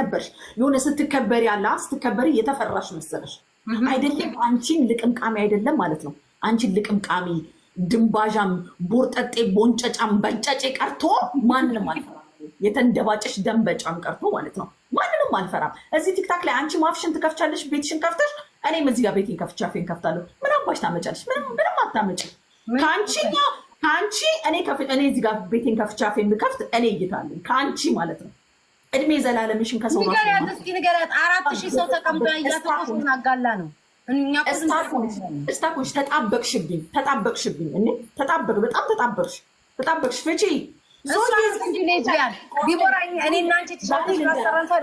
ነበርሽ የሆነ ስትከበሪ ያለ ስትከበሪ የተፈራሽ መሰለሽ አይደለም። አንቺን ልቅምቃሚ አይደለም ማለት ነው። አንቺን ልቅምቃሚ ድንባዣም፣ ቦርጠጤ፣ ቦንጨጫም በንጨጬ ቀርቶ ማንንም አልፈራም። የተንደባጨሽ ደንበጫም ቀርቶ ማለት ነው ማንንም አልፈራም። እዚህ ቲክታክ ላይ አንቺ ማፍሽን ትከፍቻለሽ፣ ቤትሽን ከፍተሽ፣ እኔም እዚህ ጋር ቤቴን ከፍቻ ፌን ከፍታለሁ። ምን አባሽ ታመጫለሽ? ምንም አታመጭ ከአንቺኛ ከአንቺ እኔ እዚህ ጋር ቤቴን ከፍቻ ፌን ከፍት እኔ እይታለን ከአንቺ ማለት ነው እድሜ ዘላለምሽን ከሰው ንገሪያት፣ አራት ሺህ ሰው ተቀምጦ ያያት አጋላ ነው። እስታኮች ተጣበቅሽብኝ፣ ተጣበቅሽብኝ፣ እ ተጣበቅ፣ በጣም ተጣበቅሽ፣ ተጣበቅሽ ፍቺ ዲቦራ፣ እኔ እና አንቺ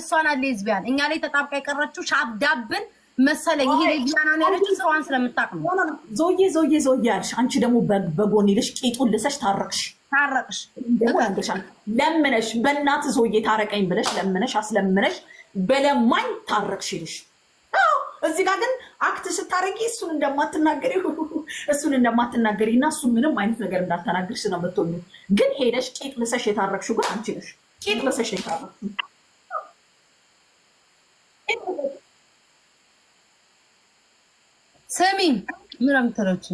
እሷን ሌዝቢያን እኛ ላይ ተጣብቃ የቀረችው ሻብዳብን መሰለኝ ይሄ ዲያና ነው ያለችው። ስራዋን ስለምታውቅ ነው። ዞዬ ዞዬ ዞዬ ያልሽ አንቺ ደግሞ በጎን ይልሽ ቂጡን ልሰሽ ታረቅሽ ታረቅሽ ለምነሽ በእናት ዞዬ ታረቀኝ ብለሽ ለምነሽ አስለምነሽ በለማኝ ታረቅሽ ይልሽ። እዚህ ጋር ግን አክት ስታረቂ እሱን እንደማትናገሪ እሱን እንደማትናገሪ እና እሱ ምንም አይነት ነገር እንዳልተናገርሽ ነው የምትሆኙ። ግን ሄደሽ ቂጥ ልሰሽ የታረቅሽው ግን አንቺ ነሽ። ቂጥ ልሰሽ የታረቅሽው ስሚ ምራም አምተረች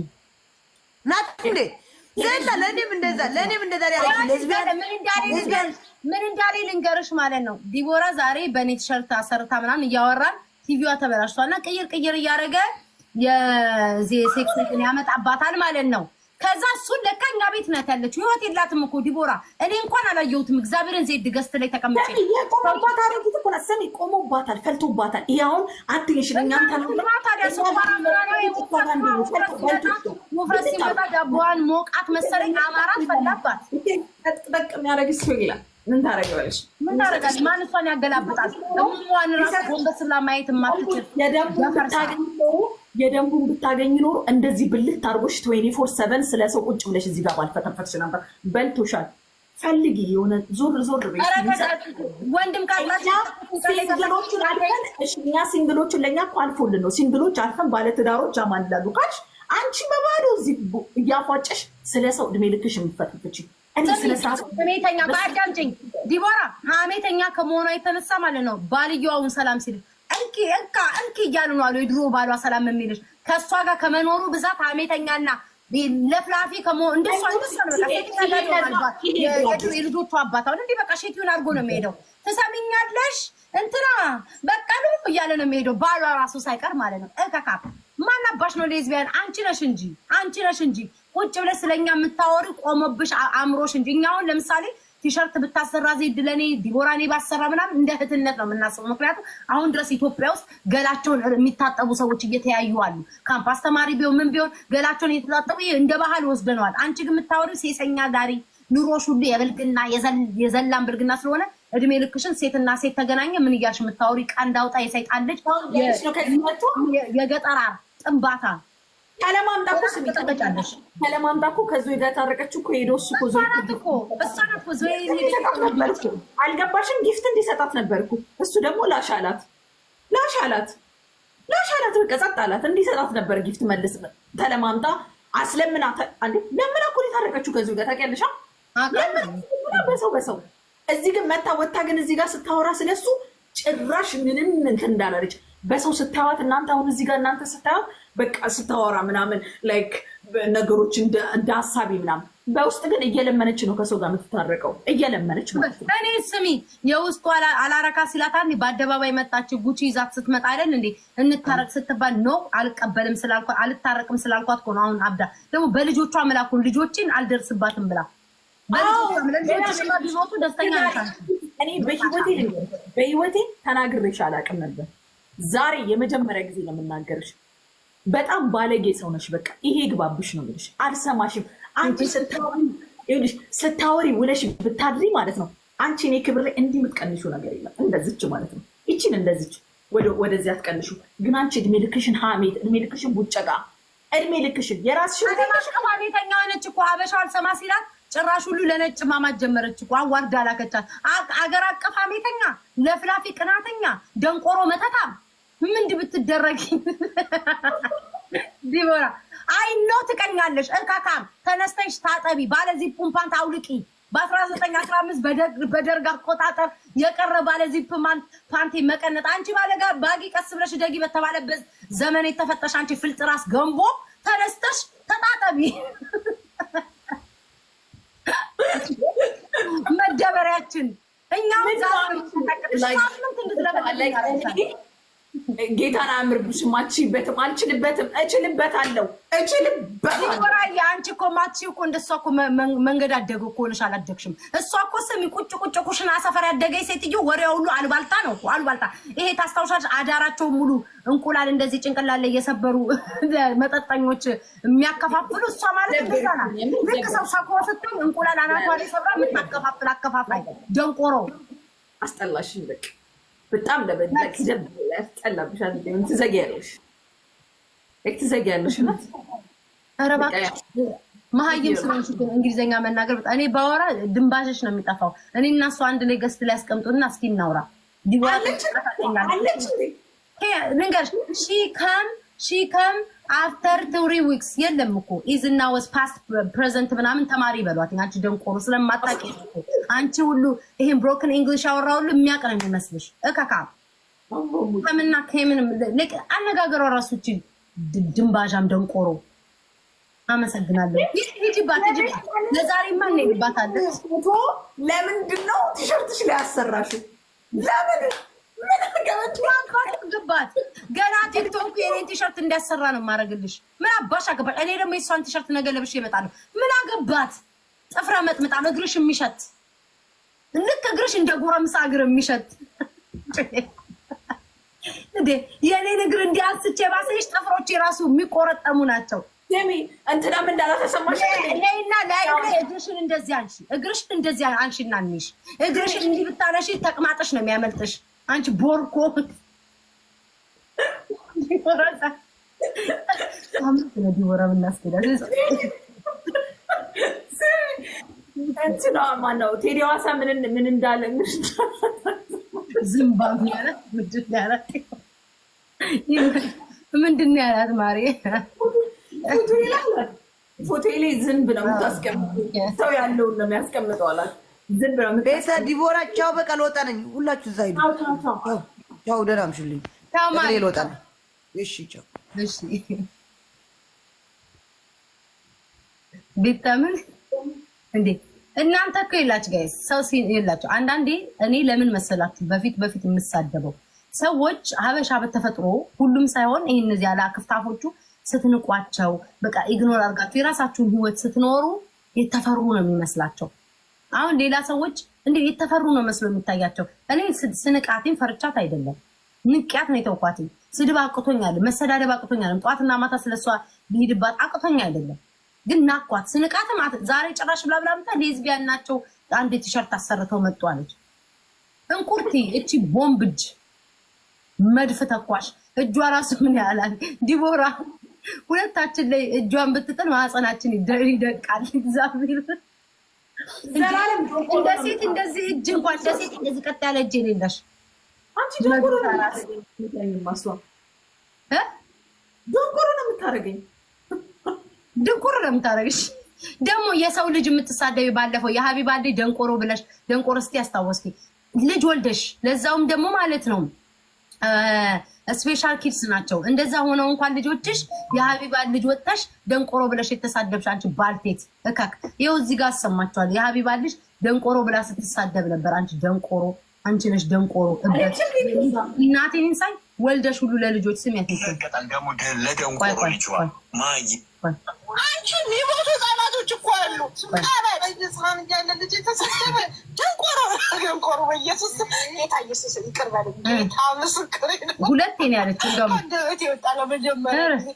ናት እንዴ ዘላ ለእኔም እንደዛ ለእኔም እንደዛ ያለች ምን እንዳለ ልንገርሽ ማለት ነው። ዲቦራ ዛሬ በእኔ ቲሸርት አሰርታ ምናምን እያወራን ቲቪዋ ተበላሽቷልና ቅይር ቅይር እያደረገ የሴክስ ያመጣባታል ማለት ነው። ከዛ እሱን ለካ እኛ ቤት ናት ያለችው። ህይወት የላትም እኮ ዲቦራ፣ እኔ እንኳን አላየሁትም። እግዚአብሔርን ዜድ ገስት ላይ ተቀምጬ ቆሞባታል፣ ፈልቶባታል። ይሄ አሁን አትንሽን ውፍረት ሲመጣ ዳቦዋን ሞቃት መሰለኝ አማራት ፈላባት። ጠቅጠቅ የሚያደረግ ሲሆ ይላል። ምን ታደርጊያለሽ? ምን ታደርጋለሽ? ማን እሷን ያገላብጣል? ደሞዋን ራሱ ጎንበስ ብላ ማየት የማትችል የደሞ ታገኝተው የደንቡን ብታገኝ ኖሮ እንደዚህ ብልህ አድርጎሽ ትዌንቲ ፎር ሰቨን ስለ ሰው ቁጭ ብለሽ እዚህ ጋር ባልፈተፈትሽ ነበር። በልቶሻል፣ ፈልጊ የሆነ ዞር ዞር ወንድም ሲንግሎቹን ሲንግሎቹን ለእኛ እኮ አልፎልን ነው ሲንግሎች አልፈን ባለትዳሮች አማላሉ ካሽ አንቺ በባዶ እዚህ እያፏጨሽ ስለ ሰው እድሜ ልክሽ የምትፈትፍች ሜተኛ በአዳምጪኝ ዲቦራ ሀሜተኛ ከመሆኗ የተነሳ ማለት ነው ባልየዋውን ሰላም ሲል እንኪ እንካ እንኪ እያሉ ነው አሉ። የድሮ ባሏ ሰላም የሚልሽ ከእሷ ጋር ከመኖሩ ብዛት አሜተኛና ለፍላፊ ከሞ እንደሷ የልጆቹ አባት አሁን እንዲህ በቃ ሼቲውን አድርጎ ነው የሚሄደው። ትሰሚኛለሽ እንትና በቀሉ እያለ ነው የሚሄደው ባሏ ራሱ ሳይቀር ማለት ነው። እከካ ማናባሽ ነው ሌዝቢያን አንቺ ነሽ እንጂ አንቺ ነሽ እንጂ ቁጭ ብለሽ ስለኛ የምታወሪ ቆመብሽ አእምሮሽ እንጂ እኛ አሁን ለምሳሌ ቲሸርት ብታሰራ ዜድ ለኔ ዲቦራ እኔ ባሰራ ምናምን እንደ እህትነት ነው የምናስበው። ምክንያቱም አሁን ድረስ ኢትዮጵያ ውስጥ ገላቸውን የሚታጠቡ ሰዎች እየተያዩ አሉ። ካምፓስ ተማሪ ቢሆን ምን ቢሆን ገላቸውን እየተታጠቡ እንደ ባህል ወስደነዋል። አንቺ ግን የምታወሪ ሴሰኛ ጋሪ ኑሮሽ ሁሉ የብልግና የዘላን ብልግና ስለሆነ እድሜ ልክሽን ሴትና ሴት ተገናኘ ምን እያልሽ የምታወሪ ቀንዳውጣ የሰይጣን ልጅ የገጠራ ጥንባታ ያለማምጣ እኮ ስሚ ትጠበጫለሽ። ያለማምጣ እኮ ከዞይ ጋር ታረቀችው እኮ ሄዶ እሱ እኮ ዞይ እኮ እሷ ናት እኮ ዞይ አልገባሽም? ጊፍት እንዲሰጣት ነበርኩ። እሱ ደግሞ ላሻላት ላሻላት ላሻላት አላት፣ በቃ ጸጥ አላት። እንዲሰጣት ነበር ጊፍት መልስ። ተለማምጣ አስለምና አንዴ ለምና እኮ የታረቀችው ከዞይ ጋር ታውቂያለሽ? በሰው በሰው እዚህ ግን መታ ወታ ግን እዚህ ጋር ስታወራ ስለሱ ጭራሽ ምንም እንትን እንዳላለች በሰው ስታዩት እናንተ አሁን እዚህ ጋር እናንተ ስታዩት በቃ ስታወራ ምናምን ላይክ ነገሮች እንደ ሀሳቢ ምናምን በውስጥ ግን እየለመነች ነው ከሰው ጋር የምትታረቀው እየለመነች ማለት ነው። እኔ ስሚ የውስጡ አላረካ ሲላታ አንዴ በአደባባይ መጣች ጉቺ ይዛት ስትመጣ አይደል እንዴ እንታረቅ ስትባል ኖ አልቀበልም ስላልኳ አልታረቅም ስላልኳት እኮ ነው። አሁን አብዳ ደግሞ በልጆቿ መላኩን ልጆችን አልደርስባትም ብላ በልጆቿ ቢሞቱ ደስተኛ ነች። እኔ በህይወቴ በህይወቴ ተናግሬሽ አላውቅም ነበር ዛሬ የመጀመሪያ ጊዜ ነው የምናገርሽ። በጣም ባለጌ ሰው ነሽ። በቃ ይሄ ግባብሽ ነው የምልሽ። አልሰማሽም። አንቺ ስታወሪ ስታወሪ ውለሽ ብታድሪ ማለት ነው አንቺ እኔ ክብር ላይ እንዲህ የምትቀንሹ ነገር የለም። እንደዚች ማለት ነው ይችን እንደዚች ወደዚያ ትቀንሹ። ግን አንቺ እድሜ ልክሽን ሀሜት እድሜ ልክሽን ቡጨቃ፣ እድሜ ልክሽን የራስሽን ሐሜተኛ ነች እኮ ሀበሻ አልሰማ ሲላት ጭራሽ ሁሉ ለነጭ ማማት ጀመረች እኮ አዋርዳ ላከቻት። አገር አቀፍ ሐሜተኛ፣ ለፍላፊ፣ ቅናተኛ፣ ደንቆሮ መተታም ምንድ ብትደረጊ ዲቦራ አይ ኖ ትቀኛለሽ። እንካካም ተነስተሽ ታጠቢ፣ ባለዚህ ፑምፓንት አውልቂ። በ1915 በደርግ አቆጣጠር የቀረ ባለዚህ ፓንቲ መቀነጥ። አንቺ ባለጋ ባጊ ቀስ ብለሽ ደጊ በተባለበት ዘመን የተፈጠሽ አንቺ ፍልጥ ራስ ገንቦ ተነስተሽ ተጣጠቢ። መደበሪያችን እኛም ሳምንት እንድትለበለ ጌታን አያምርብሽም፣ አትችይበትም፣ አልችልበትም፣ እችልበታለሁ፣ እችልበታለሁ። ኮራዬ አንቺ እኮ ማትችይው እኮ እንደሷ እኮ መንገድ አደገ እኮ ሆነሽ አላደግሽም። እሷ እኮ ስሚ ቁጭ ቁጭ ኩሽና ሰፈር ያደገ ሴትዮ ወሬ ሁሉ አልባልታ ነው አልባልታ። ይሄ ታስታውሻለሽ? አዳራቸው ሙሉ እንቁላል እንደዚህ ጭንቅላለ እየሰበሩ መጠጠኞች የሚያከፋፍሉ እሷ ማለት እንደዛ ናት። ልክ ሰው ሰኮ ስትም እንቁላል አናቷ ሰብራ የምታከፋፍል አከፋፋይ ደንቆሮ አስጠላሽኝ በቃ በጣም ለበላክ ይደብላል፣ ጠላብሻል። ቢሆን ትዘጊያለሽ፣ ትዘጊያለሽ ናት። ኧረ እባክሽ መሀይም ስለሆንሽ ግን እንግሊዝኛ መናገር በጣም እኔ ባወራ ድንባሽሽ ነው የሚጠፋው። እኔ እና እሱ አንድ ላይ ገስት ላይ ያስቀምጡና እስኪ እናውራ። ዲዋለች ልንገርሽ ሺ ከም ሺ ከም አፍተር ትሪ ዊክስ የለም እኮ ኢዝና እና ፓስት ፕሬዘንት ምናምን ተማሪ በሏት። አንቺ ደንቆሮ ስለማታውቂ አንቺ ሁሉ ይሄን ብሮክን ኢንግሊሽ አወራ ሁሉ የሚያውቅ ነው የሚመስልሽ። እካካ ከምና ከምን አነጋገሯ ራሱ ድንባዣም ደንቆሮ። አመሰግናለሁ። ሂጂባት ሂጂባት። ለዛሬ ለምንድን ነው ቲሸርትሽ ላይ አሰራሽ? ለምን ግባት ገና ቲክቶክ የኔን ቲሸርት እንዲያሰራ ነው የማደርግልሽ። ምን አባሽ አገባሽ? እኔ ደግሞ የሷን ቲሸርት ነገ ለብሽ እመጣለሁ። ምን አገባት? ጥፍረ መጥምጣ ነው እግርሽ የሚሸት ልክ እግርሽ እንደ ጎረምሳ እግር የሚሸት እንዴ! የኔን እግር እንዲያስቼ ባስልሽ ጥፍሮች የራሱ የሚቆረጠሙ ናቸው። ስሚ እንትናም እንዳላተሰማሽ ላይ እግርሽን እንደዚህ አንሺ፣ እግርሽን እንደዚህ እንሽ እግርሽን እንዲህ ብታነሺ ተቅማጥሽ ነው የሚያመልጥሽ። አንቺ ቦርኮ ዲቦራ ብናስኬዳት እንትና ማነው ቴዲ ዋሳ ምን እንዳለ ዝምባብ ያላት ምንድን ነው ያላት? ምንድን ያላት? ማሪ ፎቶ ላይ ዝንብ ነው የምታስቀምጠው፣ ሰው ያለውን ነው የሚያስቀምጠው አላት። ዝም ብሎ ቤተ ዲቦራ ቻው፣ በቃ ልወጣ ነኝ። ሁላችሁ እዛ ሂዱ። ቻው፣ ደህና አምሽልኝ። ልወጣ ነኝ። እሺ፣ ቻው። እንዴ! እናንተ እኮ የላችሁ ጋይስ፣ ሰው የላችሁ። አንዳንዴ እኔ ለምን መሰላችሁ በፊት በፊት የምሳደበው ሰዎች ሀበሻ በተፈጥሮ ሁሉም ሳይሆን ይህ እነዚህ ያለ ክፍታፎቹ ስትንቋቸው፣ በቃ ኢግኖር የራሳችሁን ህይወት ስትኖሩ የተፈሩ ነው የሚመስላቸው አሁን ሌላ ሰዎች እንዴት የተፈሩ ነው መስሎ የሚታያቸው። እኔ ስንቃቴን ፈርቻት አይደለም ንቅያት ነው የተውኳት። ስድብ አቅቶኛል፣ መሰዳደብ አቅቶኛል። ጠዋትና ማታ ስለሷ ሊሄድባት አቅቶኛ አይደለም ግን ናኳት። ስንቃትም ዛሬ ጭራሽ ብላብላምታ ሌዝቢያን ናቸው አንድ ቲሸርት አሰርተው መጡ አለች። እንቁርቲ እቺ ቦምብ እጅ መድፍ ተኳሽ እጇ ራሱ ምን ያላል ዲቦራ ሁለታችን ላይ እጇን ብትጥል ማህፀናችን ይደቃል። እግዚአብሔር እንደ ሴት እንደዚህ እጅ እንኳ እንደ ሴት እንደዚህ ቀጥ ያለ እጅ የሌለሽ አንቺ ደንቆሮ ነው የምታደርገኝ። ደንቆሮ ነው የምታደርገሽ። ደግሞ የሰው ልጅ የምትሳደቢ ባለፈው የሀቢባ ደንቆሮ ብለሽ ደንቆሮ እስቲ ያስታወስኪ ልጅ ወልደሽ ለዛውም ደግሞ ማለት ነው ስፔሻል ኪድስ ናቸው። እንደዛ ሆነው እንኳን ልጆችሽ የሀቢባ ልጅ ወጣሽ ደንቆሮ ብለሽ የተሳደብሽ አንቺ ባልቴት እካክ ይኸው እዚህ ጋር አሰማችኋል። የሀቢባ ልጅ ደንቆሮ ብላ ስትሳደብ ነበር። አንቺ ደንቆሮ፣ አንቺ ነሽ ደንቆሮ። እናቴን እንሳይ ወልደሽ ሁሉ ለልጆች ስም ያትል ደግሞ ለደንቆሮ ልጅ ማ አንቺ የሚሞቱ ህጻናቶች እኮ አሉ። ቃላህፃን እያለ ልጅ የተሰደበ ደንቆሮ ደንቆሮ፣ በኢየሱስ ጌታ ኢየሱስ ይቅር በለኝ። ጌታ ምስክር ሁለቴ ነው ያለችው። እንደውም የወጣ ለመጀመሪያ ጊዜ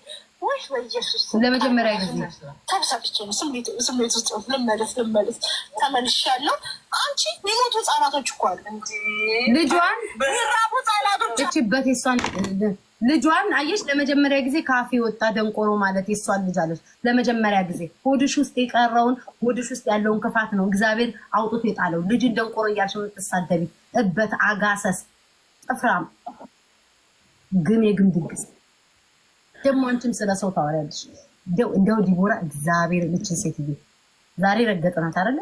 ወይ በኢየሱስ ለመጀመሪያ ጊዜ ተብሰብቼ ነው ስሜት ውስጥ ልመለስ ልመለስ ተመልሻለሁ። አንቺ የሚሞቱ ህጻናቶች እኮ አሉ። ልጇን ራቡ ህጻናቶች እቺ በቴሷን ልጇን አየሽ፣ ለመጀመሪያ ጊዜ ካፌ ወጣ ደንቆሮ ማለት የእሷን ልጅ አለች። ለመጀመሪያ ጊዜ ሆድሽ ውስጥ የቀረውን ሆድሽ ውስጥ ያለውን ክፋት ነው እግዚአብሔር አውጥቶ የጣለው። ልጅን ደንቆሮ እያልሽ የምትሳደቢ እበት አጋሰስ ጥፍራም ግን የግም ድግስ ደግሞ አንቺም ስለ ሰው ታወሪያለሽ። እንደው ዲቦራ እግዚአብሔር ልችን ሴትዬ ዛሬ ረገጥናት አይደለ?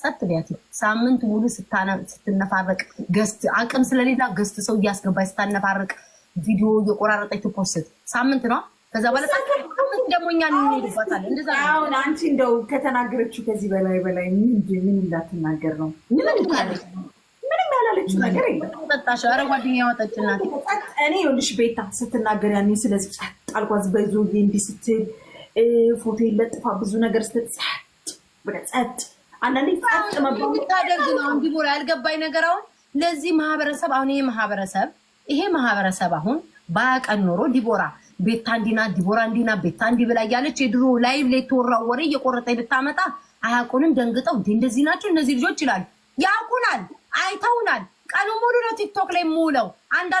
ጸጥ ቢያት ሳምንት ሙሉ ስትነፋረቅ ገስት አቅም ስለሌላ ገስት ሰው እያስገባች ስታነፋረቅ ቪዲዮ እየቆራረጠች ፖስት ሳምንት ነው። ከዛ በለሳምንት ሳምንት ደግሞ እኛ እንሄድባታል። እንደዛ አንቺ እንደው ከተናገረችው ከዚህ በላይ በላይ ምንድን ምን እንዳትናገር ነው? ምን ትላለች? ምንም ያላለችው ነገር የለም። ጠጣሽ? ኧረ ጓደኛ ያወጠችና እኔ ይኸውልሽ፣ ቤታ ስትናገር ያኔ ስለዚህ ጸጥ አልኳት። በዙ እንዲ ስትል ፎቶ ለጥፋ ብዙ ነገር ስትል ጸጥ ጸጥ አንዳንዴ ጸጥ መባ ታደርግ ነው። እንዲቦራ ያልገባኝ ነገር አሁን ለዚህ ማህበረሰብ አሁን ይሄ ማህበረሰብ ይሄ ማህበረሰብ አሁን ባያቀን ኖሮ ዲቦራ ቤታ እንዲና ዲቦራ እንዲና ቤታ እንዲ ብላ እያለች የድሮ ላይቭ ላይ የተወራው ወሬ እየቆረጠ ብታመጣ አያቁንም። ደንግጠው እንደዚህ ናቸው እነዚህ ልጆች ይላሉ። ያቁናል፣ አይተውናል። ቀኑ ሙሉ ነው ቲክቶክ ላይ የምውለው አንዳንድ